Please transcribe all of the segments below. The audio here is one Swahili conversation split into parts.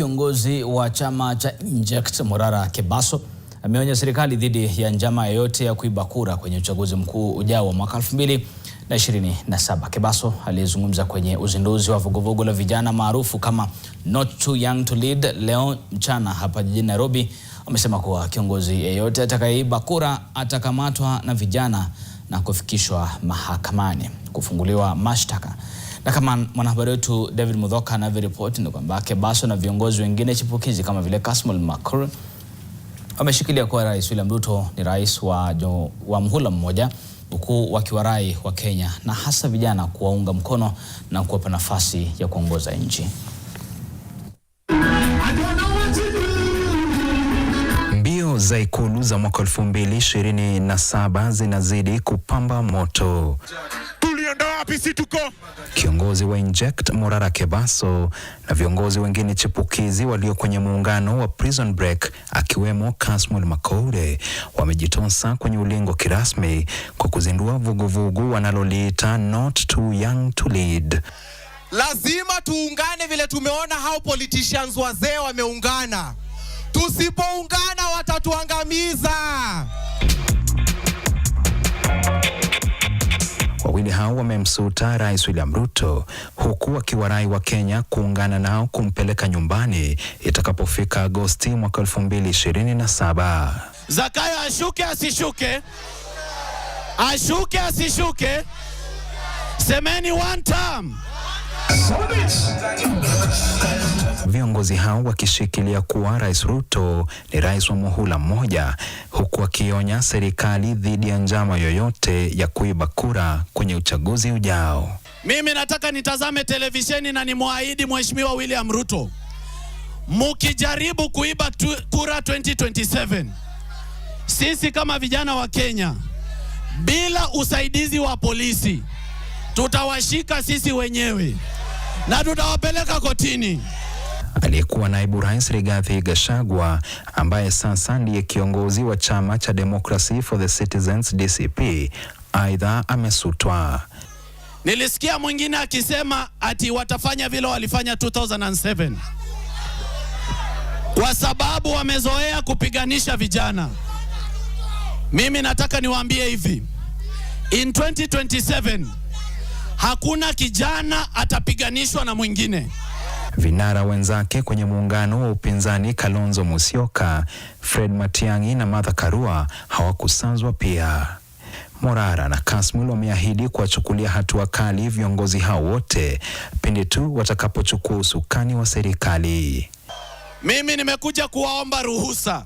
Kiongozi wa chama cha Inject Morara Kebaso ameonya serikali dhidi ya njama yoyote ya kuiba kura kwenye uchaguzi mkuu ujao wa mwaka 2027. Kebaso aliyezungumza kwenye uzinduzi wa vuguvugu la vijana maarufu kama Not Too Young to Lead leo mchana hapa jijini Nairobi, amesema kuwa kiongozi yeyote atakayeiba kura atakamatwa na vijana na kufikishwa mahakamani kufunguliwa mashtaka. Na kama mwanahabari wetu David Mudhoka anavyoripoti ni kwamba Kebaso na viongozi wengine chipukizi kama vile Kasmul Makur wameshikilia kuwa Rais William Ruto ni rais wa, jo, wa mhula mmoja huku wakiwarai wa Kenya na hasa vijana kuwaunga mkono na kuwapa nafasi ya kuongoza nchi. Mbio za Ikulu za mwaka 2027 zinazidi kupamba moto. Kiongozi wa Inject Morara Kebaso na viongozi wengine chipukizi walio kwenye muungano wa Prison Break akiwemo Kasmul Makoure wamejitosa kwenye ulingo kirasmi kwa kuzindua vuguvugu wanaloliita Not Too Young to Lead. Lazima tuungane vile tumeona hao politicians wazee wameungana. Tusipoungana watatuangamiza. Wawili hao wamemsuta Rais William Ruto huku wakiwarai wa Kenya kuungana nao kumpeleka nyumbani itakapofika Agosti mwaka 2027. Zakayo ashuke asishuke, ashuke asishuke, semeni one time viongozi hao wakishikilia kuwa Rais Ruto ni rais wa muhula mmoja, huku akionya serikali dhidi ya njama yoyote ya kuiba kura kwenye uchaguzi ujao. Mimi nataka nitazame televisheni na nimwaahidi Mheshimiwa William Ruto, mukijaribu kuiba tu, kura 2027 sisi kama vijana wa Kenya bila usaidizi wa polisi tutawashika sisi wenyewe na tutawapeleka kotini aliyekuwa naibu rais Rigathi Gachagua ambaye sasa ndiye kiongozi wa chama cha Democracy for the Citizens DCP, aidha amesutwa. Nilisikia mwingine akisema ati watafanya vile walifanya 2007 kwa sababu wamezoea kupiganisha vijana. Mimi nataka niwaambie hivi, in 2027 hakuna kijana atapiganishwa na mwingine. Vinara wenzake kwenye muungano wa upinzani Kalonzo Musyoka, Fred Matiang'i na Martha Karua hawakusazwa pia. Morara na Kasmul wameahidi kuwachukulia hatua kali viongozi hao wote pindi tu watakapochukua usukani wa serikali. Mimi nimekuja kuwaomba ruhusa,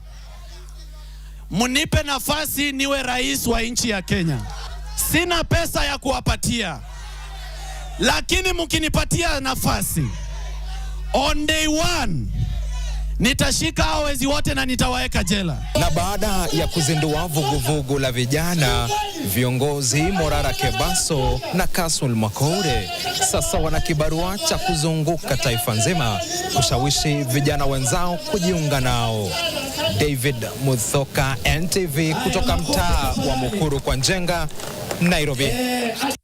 mnipe nafasi niwe rais wa nchi ya Kenya. Sina pesa ya kuwapatia, lakini mkinipatia nafasi On day one nitashika hao wezi wote na nitawaweka jela. Na baada ya kuzindua vuguvugu la vijana, viongozi Morara Kebaso na Kasul Makoure sasa wana kibarua cha kuzunguka taifa nzima kushawishi vijana wenzao kujiunga nao. David Muthoka, NTV, kutoka mtaa wa Mukuru kwa Njenga, Nairobi.